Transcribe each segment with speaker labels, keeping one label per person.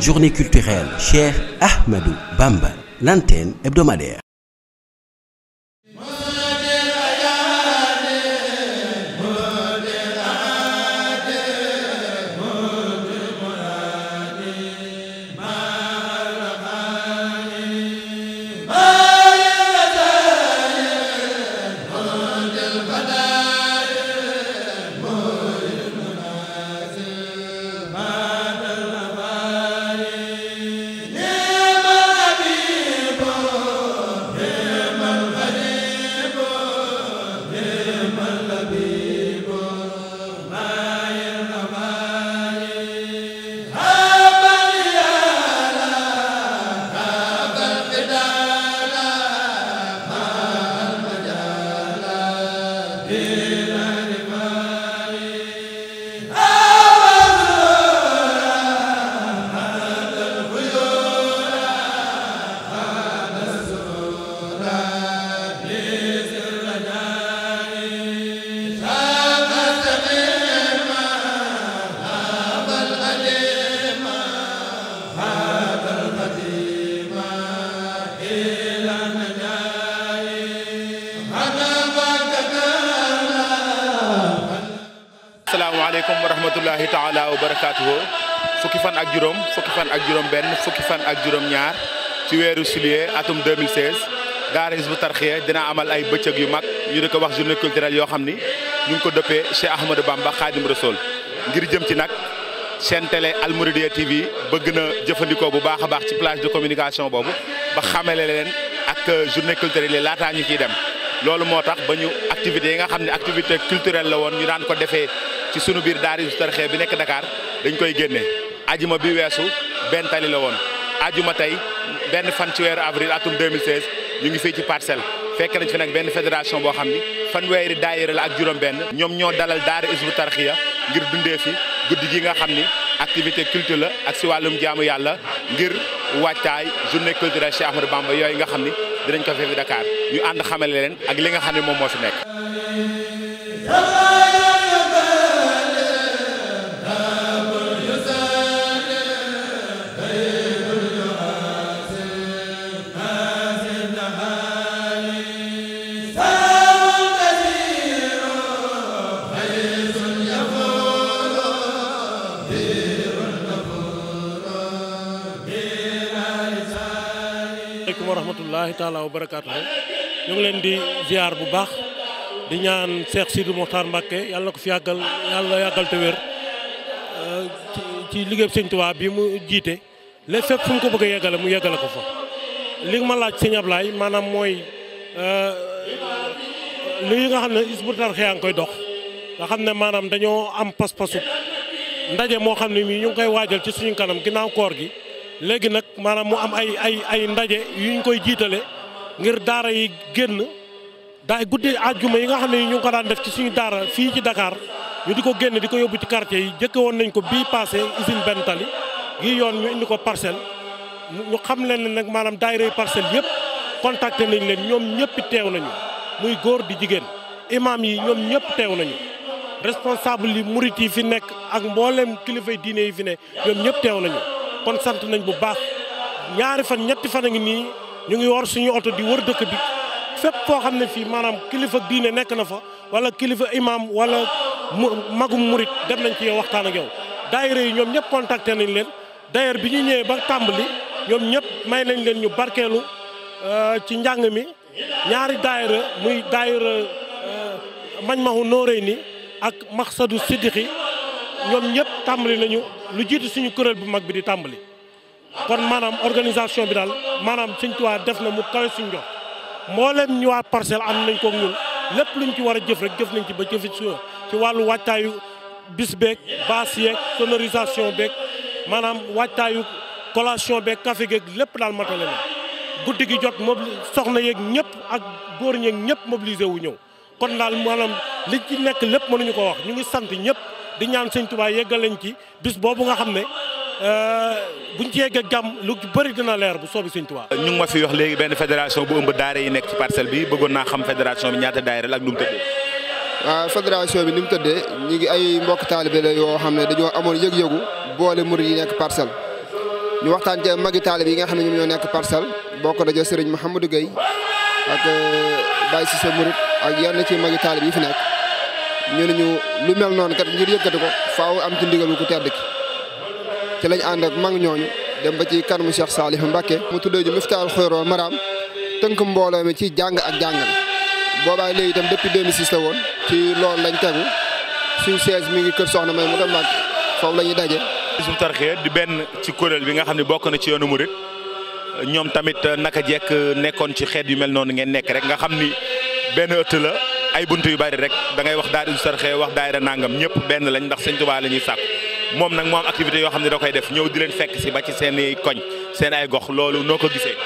Speaker 1: journée culturelle, cher Ahmadou Bamba, l'antenne hebdomadaire.
Speaker 2: yeah.
Speaker 3: rahmatullahi taala wa barakaatuhu fukki fan ak juróom fukki fan ak juróom benn fukki fan ak juróom ñaar ci weeru juillet atum 2016 daara Hizbut Tarqiyyah dina amal ay bëccëg yu mag ñu di ko wax journée culturelle yoo xam ni ñu ngi ko dëppee Cheikh Ahmadou Bamba Khadim Rasoul ngir jëm ci nag seen télé Al Mouridiyyah TV bëgg na jëfandikoo bu baax a baax ci plage de communication boobu ba xamale leen ak journée culturelle yi laataa ñu ciy dem loolu moo tax ba ñu activités yi nga xam ne activité culturelle la woon ñu daan ko defee ci sunu bir daara Hizbut-Tarqiyyah bi nek Dakar dañ koy génne aljuma bi wessu ben tali la won aljuma tay ben fan ci wéru avril atum 2016 ñu ngi fi ci parcel fekk nañ fi nak ben fédération bo xamni fan wéru daayira la ak juroom ben ñom ñoo dalal daara hizbut tarxiya ngir dundé fi guddi gi nga xamni activité culture la ak ci walum jaamu yàlla ngir waccay journée culturelle Cheikh ahmed Bamba yoy nga xamni dinañ ko fi Dakar ñu ànd xamale len ak li nga xam ne moom moo fi nekk.
Speaker 4: aleykum wa rahmatullahi taala wa barakaatu ñu ngi leen di ziar bu baax di ñaan Cheikh Sidou Mokhtar Mbacké yàlla na ko fi yàggal yàlla yàggal te wér ci liggéey Sëñ Tuubaa bi mu jiite lépp fépp fu mu ko bëgg a yeggale mu yeggale ko fa li ma laaj si Ablaye maanaam mooy euh, li nga xam ne Hizbut Tarqiyyah ngi koy dox nga xam ne maanaam dañoo am pas-pasu ndaje moo xam ne mii ñu ngi koy waajal ci suñu kanam ginnaaw koor gi léegi nag maanaam mu am ay ay ay ndaje yuñ koy jiitale ngir daara yi génn daay guddi àjjuma yi nga xam ne ñu ngi ko daan def ci suñu daara fii ci dakaar ñu di ko génn di ko yóbbu ci quartier yi jëkke woon nañ ko bii passé usine benn tali gi yoon ñu indi ko parcelle ñu xam leen ne nag maanaam daayira parcelle yëpp contacté nañ leen ñoom ñëpp teew nañu muy góor di jigéen imam yi ñoom ñëpp teew nañu responsable yi murit yi fi nekk ak mboolem kilifa diine yi fi ñëpp teew nañu kon sant nañ bu baax ñaari fan ñetti fan a ngi nii ñu ngi war suñu oto di wër dëkk bi fépp foo xam ne fii maanaam kilifa diine nekk na fa wala kilifa imam wala magum murit dem nañ ci yow waxtaan ak yow. daayira yi ñoom ñëpp contacté nañ leen d'ailleurs bi ñu ñëwee ba tàmbali ñoom ñëpp may nañ leen ñu barkeelu euh, ci njàng mi ñaari daayira muy daayira mañ euh, maxu nóoréy ni ak maxsadu siddiqi ñoom ñëpp tàmbali nañu lu jiitu suñu kuréel bu mag bi di tàmbali kon maanaam organisation bi daal maanaam Sëñ Tuubaa def na mu kawe suñu jox mboolem ñu waa parcelle am nañ ko ñun lépp luñ ci war a jëf rek jëf nañ ci ba jëfit su ci wàllu waajtaayu bis beeg baas yeeg sonorisation beeg maanaam waajtaayu collation beeg café geeg lépp daal matale na guddi gi jot moom soxna yeeg ñëpp ak góor ñeeg ñëpp mobilisé wu ñëw kon daal maanaam li ci nekk lépp mënuñu ko wax ñu ngi sant ñëpp di ñaam sëñ Tuubaa yeggal lañ ci bis boobu nga xam ne euh, buñ ci yeggee jàmm lu bëri dina leer bu soobi sëñ Tuubaa.
Speaker 3: ñu ngi ma fi wax léegi benn fédération bu ëmb daare yi nekk ci parcelle bi bëggoon naa xam fédération bi ñaata daayira la ak nu mu tëddee.
Speaker 5: ah bi ni mu tëddee ñu ngi ay mbokk taalibe la yoo xam ne dañoo amoon yëg-yëgu boole murid yi nekk parcelle. ñu waxtaan ci magi taalibe yi nga xam ne ñoom ñoo nekk parcelle bokk na ca sëriñ Mouhamadou Gueye ak euh, Baye Cissé Mouride ak yenn ci magi taalibe yi fi nekk. ñu ne ñu lu mel noonu kat ngir yëkkati ko faaw am ci ndigalu ku tedd ki ci lañ ànd ak mag ñooñu dem ba ci kanamu Cheikh Salih Mbacké mu tuddee ñu Miftahul Xuyro Maram tënk mbooloo mi ci jàng ak jàngal boobaay léegi itam depuis 2006 la woon ci loolu lañ tegu suñ siège mi ngi kër Soxna May mu dem mag foofu
Speaker 3: la ñuy daje. Hizbut Tarqiyyah di benn ci kuréel bi nga xam ne bokk na ci yoonu murit ñoom tamit naka jekk nekkoon ci xeet yu mel noonu ngeen nekk rek nga xam ni benn ëtt la. ay bunt yu bari rek da ngay wax sar sarxe wax daayira nangam ñëpp benn lañ ndax sëñ Tuubaa la ñuy sàkk moom nag moo am activité yoo xam ne da koy di leen fekk si ba ci seen i koñ seen ay gox loolu noo ko gisee.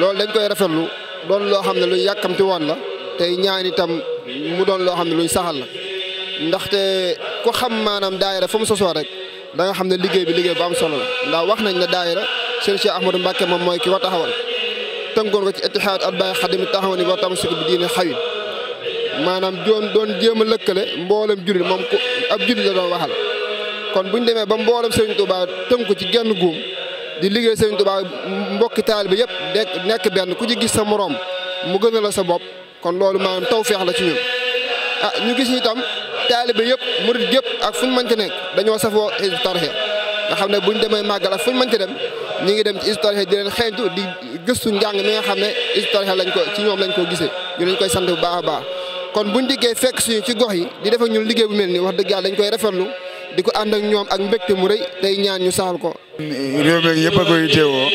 Speaker 5: loolu dañ koy rafetlu doon loo xam ne luñ yàkkamti woon la tey ñaan itam mu doon loo xam ne luñ saxal la ndaxte ku xam maanaam daayira fu mu sosoo rek da xam ne liggéey bi liggéey bu am la ndax wax nañ ne daayira sëñ Cheikh Ahmadou Mbacke moom mooy ki wa taxawal tënkoon ko ci itihaad al baay xadim taxaw ni ba tamsik bi diine xawit maanaam doon doon jéem a lëkkale mboolem jullit moom ab jullit la doon waxal kon bu ñu demee ba mboolem Serigne Touba tënku ci genn guum di liggéey Serigne Touba mbokki taalibe yëpp nekk benn ku ci gis sa moroom mu gën la sa bopp kon loolu maanaam tawfeex la ci ñun. ah ñu gis ñu tam taalibe yëpp murit yëpp ak fu ñu mënti nekk dañoo safoo Hizbut Tarqiyyah nga xam ne bu ñu demee màggal ak fu ñu dem ñu ngi dem ci Hizbut Tarqiyyah di leen gëstu njàng mi nga xam ne Hizbut Tarqiyyah lañ ko ci ñoom lañ ko gisee ñu lañ koy sant bu baax a baax. kon buñ diggee fekk suñu ci gox yi di def ak liggéey bu mel nii wax dëgg yàlla dañ koy rafetlu di ko ànd ak ñoom ak mbégte mu rëy tey ñaan ñu saxal ko.
Speaker 3: réew mi yëpp koy teewoo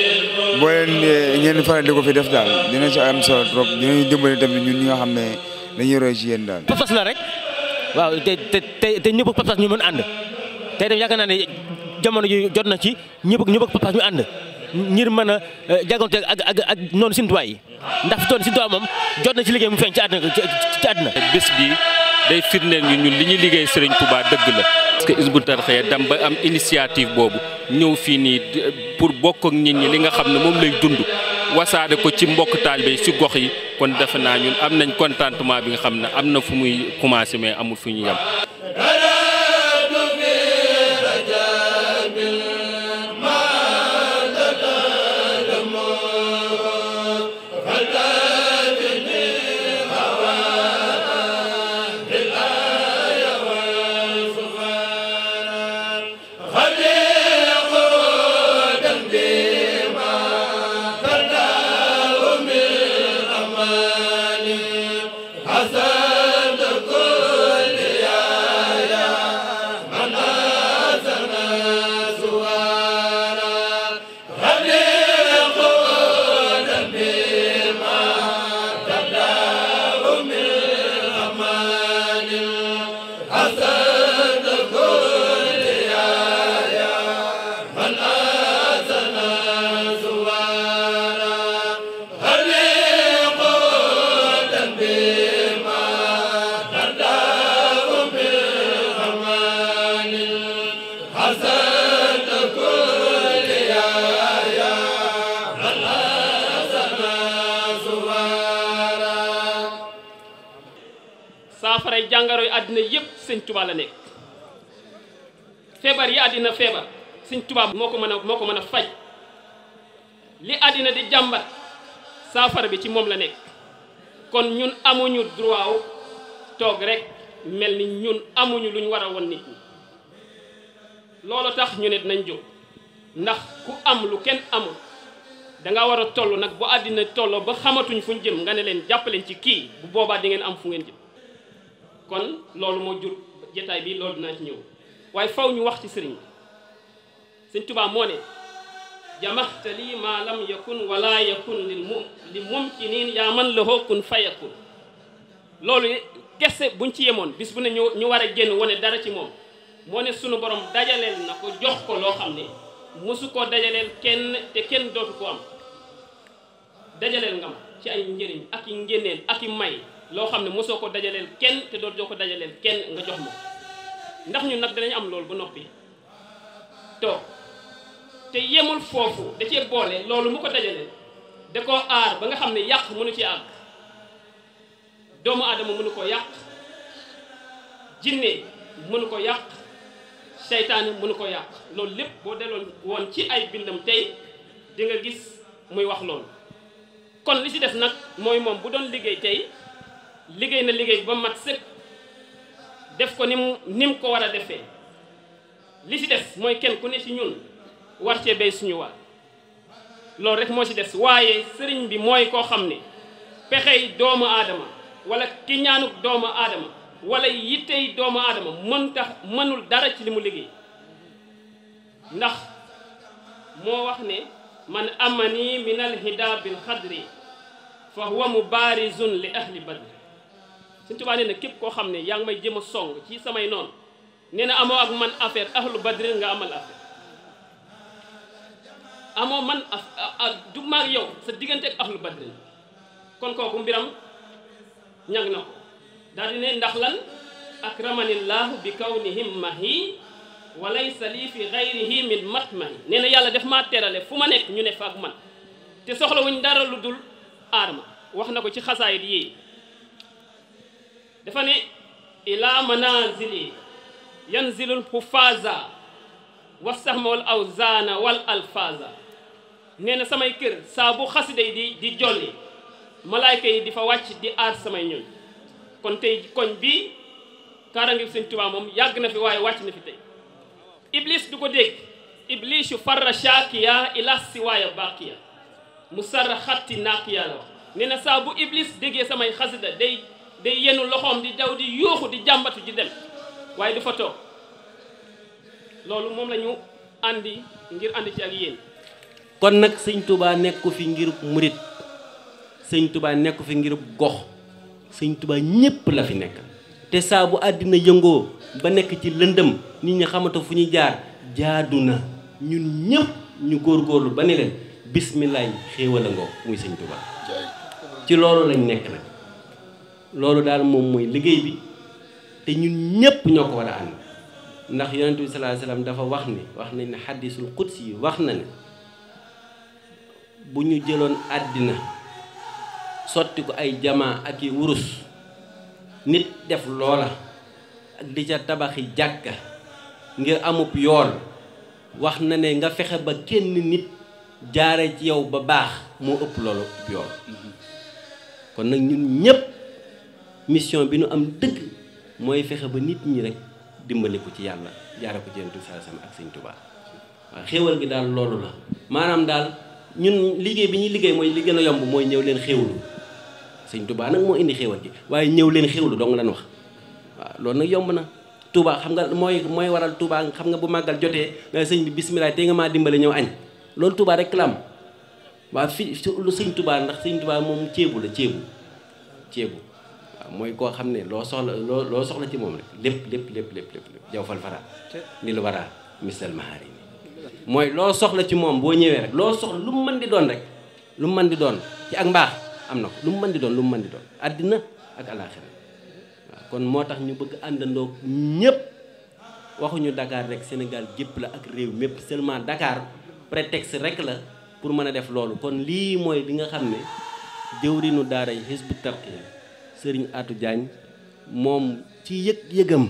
Speaker 3: boo
Speaker 5: leen ngeen faral ko fi def daal dina ci am solo trop dinañu dimbali tamit ñun ñi nga xam ne dañuy roy ci yéen daal.
Speaker 1: pas la rek waaw te te te ñëpp pas-pas ñu mën ànd tey dem yaakaar naa ne jamono ji jot na ci ñëpp ñëpp pas ñu ànd. ngir mën a eh, jagonte ak ak ak noonu Sëriñ Tuubaa yi ndax fi toon Sëriñ Tuubaa moom jot na ci liggéey mu feeñ ci àdduna ci àdduna
Speaker 6: bés bi day firndeel ñu ñun li ñuy liggéey Sëriñ Tuubaa dëgg la parce que Hizbut Tarqiyyah dem ba am initiative boobu ñëw fii nii pour bokk ak nit ñi li nga xam ne moom lay dund wasaade ko ci mbokk taalibe si gox yi kon defe naa ñun am nañ contentement bi nga xam ne am na fu muy commencé mais amul fu ñu yem saafaray jàngaro yu àddina yépp sëñ Tuubaa la nekk feebar yi àddina feebar sëñ Tuubaa moo ko mën a moo ko mën a faj li àddina di jàmbat saafara bi ci moom la nekk kon ñun amuñu droit toog rek mel ni ñun amuñu lu war a won nit ñi loolu tax ñu ne nañ jóg ndax ku am lu kenn amul danga war a toll nag bu àddina tolloo ba xamatuñ fu jëm nga ne leen jàppaleen ci kii bu boobaa di ngeen am fu ngeen jëm kon loolu moo jur jataay bii loolu dinaa ci ñëw waaye faw ñu wax ci sëriñ bi sëñ Tuubaa moo ne jamaxta lii maa lam yakun wala yakun lil mum li mumkinin yaa man la lahoo kun fayakun loolu kese buñ ci yemoon bis bu ne ñu ñu war a génn wane dara ci moom moo ne sunu borom dajaleel na ko jox ko loo xam ne mosu koo dajaleel kenn te kenn dootu ko am dajaleel nga ma ci ay njëriñ ak i ngénneel ak i may loo xam ne mosoo ko dajaleel kenn te dootu ko dajaleel kenn nga jox ma ndax ñu nag danañ am loolu ba noppi to te yemul foofu da cee boole loolu mu ko dajaleel da ko aar ba nga xam ne yàq mënu ci àgg doomu aadama mënu ko yàq jinne mënu ko yàq seytaane mënu ko yàq loolu lépp boo delloon woon ci ay bindam tey dinga gis muy wax loolu kon li ci des nag mooy moom bu doon liggéey tey liggéey na liggéey ba mat sëkk def ko ni mu ni mu ko war a defee li ci des mooy kenn ku ne ci ñun war cee bay suñu war loolu rek moo ci des waaye sëriñ bi mooy koo xam ne pexey doomu aadama wala ki ñaanu doomu aadama wala yittey doomu aadama mën tax mënul dara ci li mu liggéey ndax moo wax ne man amani min alhida bil xadri fa huwa mubarizun li ahli badr suñ tubaa nee na képp koo xam ne yaa ngi may jëm a song ci samay noonu nee na amoo ak man affaire ahlu badri nga amal affaire amoo man du maag yow sa diggante ak ahlu badri kon kooku mbiram ñag na ko daal di ne ndax lan akramaniillahu bi kawnihim mahi wa laysa lii fi gayrihi min matmahi nee na yàlla def maa terale fu ma nekk ñu ne faak man te soxla wuñ dara lu dul aar ma wax na ko ci xasaayit yi dafa ne ila manazili yanzilul hufaza wa sahma wal awzana wal alfaza nee na samay kër saa bu xasida yi di di jolli malaayka yi di fa wàcc di aar samay ñooñ kon tey koñ bii kaaraange sëñ Tuubaa moom yàgg na fi waaye wàcc na fi tey iblis du ko dégg iblis yu farra shaakiya ila siwaaya baaqiya mu sarra xatti naaqiya wax nee na saa bu iblis déggee samay xasida day day yenu loxoom di daw di yooxu di jàmbatu ji dem waaye du fa toog loolu moom lañu ñu àndi ngir ànd ci ak yéen
Speaker 1: kon nag sëñ Tuubaa nekku fi ngirub murit sëñ Tuubaa nekku fi ngirub gox sëñ Tuubaa ñépp la fi nekk te saa àddina yëngoo ba nekk ci lëndëm nit ñi xamata fu ñuy jaar jaadu na ñun ñëpp ñu góorgóorlu ba ne leen bismillaay xéewal a ngoo muy sëñ Tuubaa ci loolu lañ nekk nag loolu daal moom mooy liggéey bi te ñun ñëpp ñoo ko war a ànd ndax yonent bi sallallahu dafa wax ni wax nañ ne xaddisul qudsi yi wax na ne bu ñu jëloon àddina sorti ko ay jama ak wurus nit def lola ak di ca tabaxi jakka ngir amup yool wax na ne nga fexé ba kenn nit jaaré ci yow ba bax mo upp lolo ëpp kon nak ñun ñépp mission bi nu am deug moy fexé ba nit ñi rek dimbali ko ci yalla jaaré ko jëntu Yonent sallallahu ak seigne touba waaw xéewal gi dal lolo la manam dal ñun liggéey bi ñi liggéey moy li gën yomb moy ñew leen xewlu sëñ Touba nag moo indi xéewal gi waaye ñëw leen xéewlu dong lan wax waaw loolu nag yomb na Touba xam nga mooy mooy waral Touba xam nga bu màggal jotee nga sëñ bi bisimilah tey nga maa dimbale ñëw añ loolu tubaa rek la am fi lu sëñ tubaa ndax sëñ Touba moom ceebu la ceebu ceebu waaw mooy koo xam ne loo soxla loo soxla ci moom rek lépp lépp lépp lépp lépp jaw fal fara ni lu waraa misal mahari mooy loo soxla ci moom boo ñëwee rek loo soxla lu mu mën di doon rek lu mën di doon ci ak amna ko lu mën di doon lu mën di doon adina ak alakhirah kon motax ñu bëgg àndandoo ñëpp ñu Dakar rek senegal gep la ak rew mepp seulement Dakar prétexte rek la pour mëna def loolu kon limo moy li nga xamné dewrinu Sering daara yi Hizbu Tarqiyyah serigne Atou Diagne mom ci yëg yegam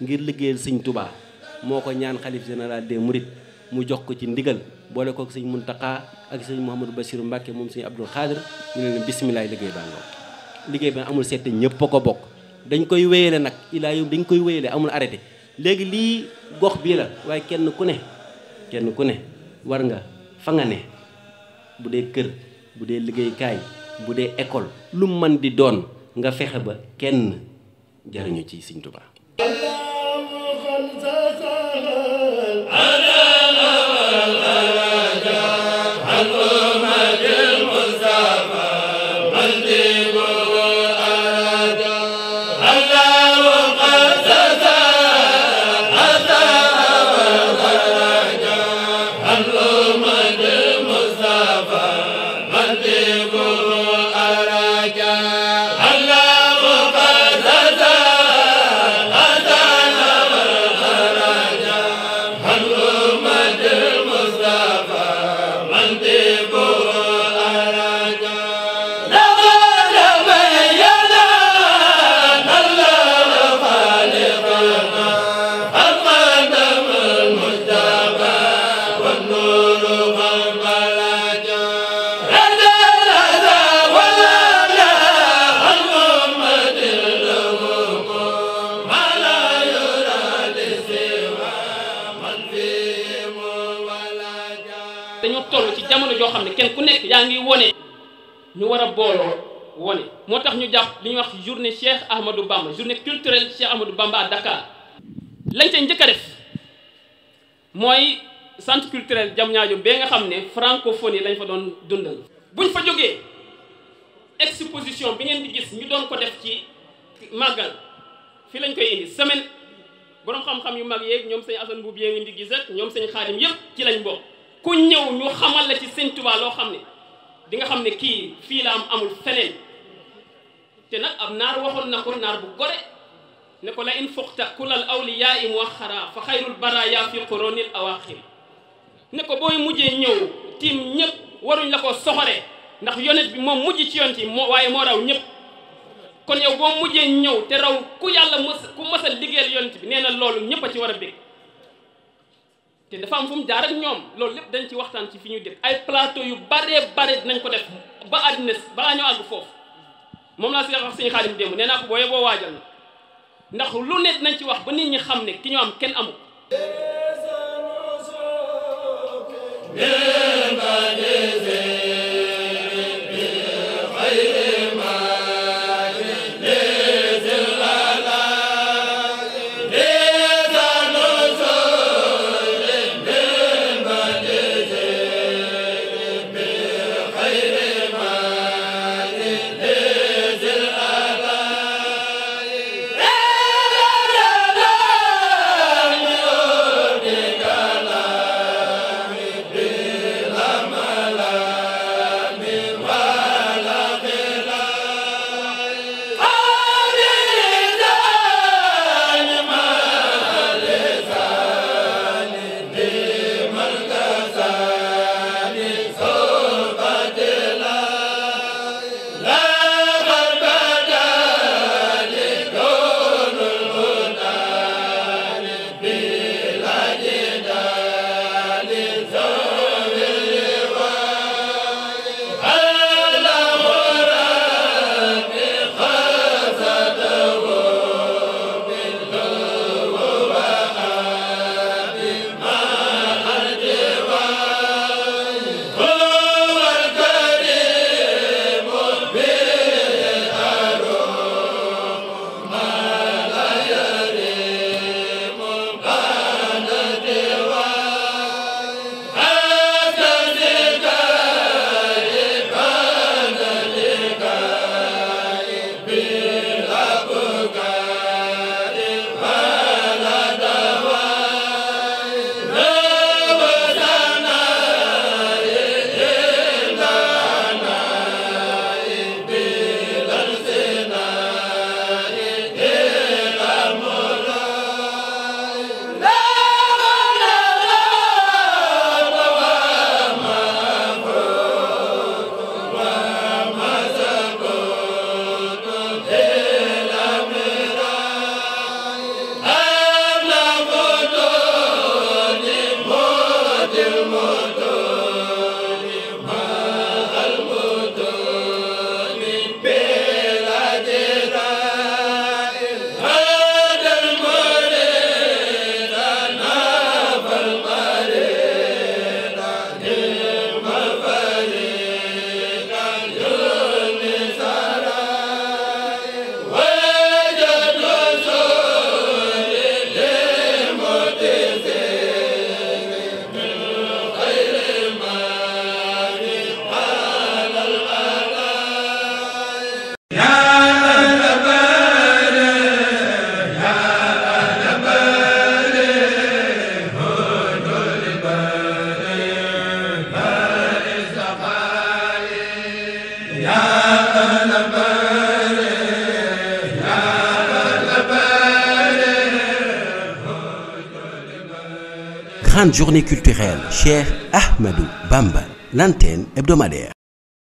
Speaker 1: ngir liggéey serigne Touba moko ñaan général des mourid mu jox ko ci ndigal boole ko seigne muntaka ak seigne Mouhamadou bassir mbake mom seigne Abdoul Khadir ñu leen bismillah liggey ba ngok liggéey ba amul seet ñepp ko bok dañ koy wéyale nak ila yu dañ koy wéyale amul arrêté légui li gox bi la way kenn ku ne kenn ku ne war nga fa nga ne budé kër budé liggey kay budé école lu man di doon nga fexé ba kenn jarñu ci sëñ Tuubaa
Speaker 2: you. ¡Gracias!
Speaker 6: ne kenn ku nekk yaa ngi wone ñu war a booloo wone moo tax ñu jàpp li ñuy wax journée Cheikh Ahmadou Bamba journée culturelle Cheikh Ahmadou Bamba à Dakar lañ ca njëkk a def mooy centre culturel Diamniadio bee nga xam ne francophonie lañ fa doon dundal. buñ fa jógee exposition bi ngeen di gis ñu doon ko def ci màggal fii lañ koy indi semaine boroom xam-xam yu mag yeeg ñoom sëñ Assane Mbuub yee ngeen di gis ñoom seen Xaadim yëpp ci lañ bokk. ku ñëw ñu xamal la ci sëñ Tuubaa loo xam ne di nga xam ne kii fii la am amul feneen te nag ab naar waxoon na naar bu gore ne ko la in fuqta kulal awliyaa mu wax waxara fa xayrul baraaya fi quronil awaaxir ne ko booy mujjee ñëw tiim ñëpp waruñ la ko ndax yonet bi moom mujj ci yont yi moo waaye moo raw ñëpp kon yow boo mujjee ñëw te raw ku yàlla mës ku mës a liggéeyal yonent bi nee na loolu ñëpp ci war a bég te dafa am fum jaar ak ñom loolu lépp dañ ci waxtaan ci fiñu def ay plateau yu bare bare dinañ ko def ba àddina ba ñu ag fof mom la si wax suñu xaalim démb nee ko boye bo wajal na ndax lu net nañ ci wax ba nit ñi xam ne ki ñu am kenn amu
Speaker 2: Yeah, yeah, yeah.
Speaker 1: journée culturelle, cher Ahmadou Bamba, l'antenne hebdomadaire.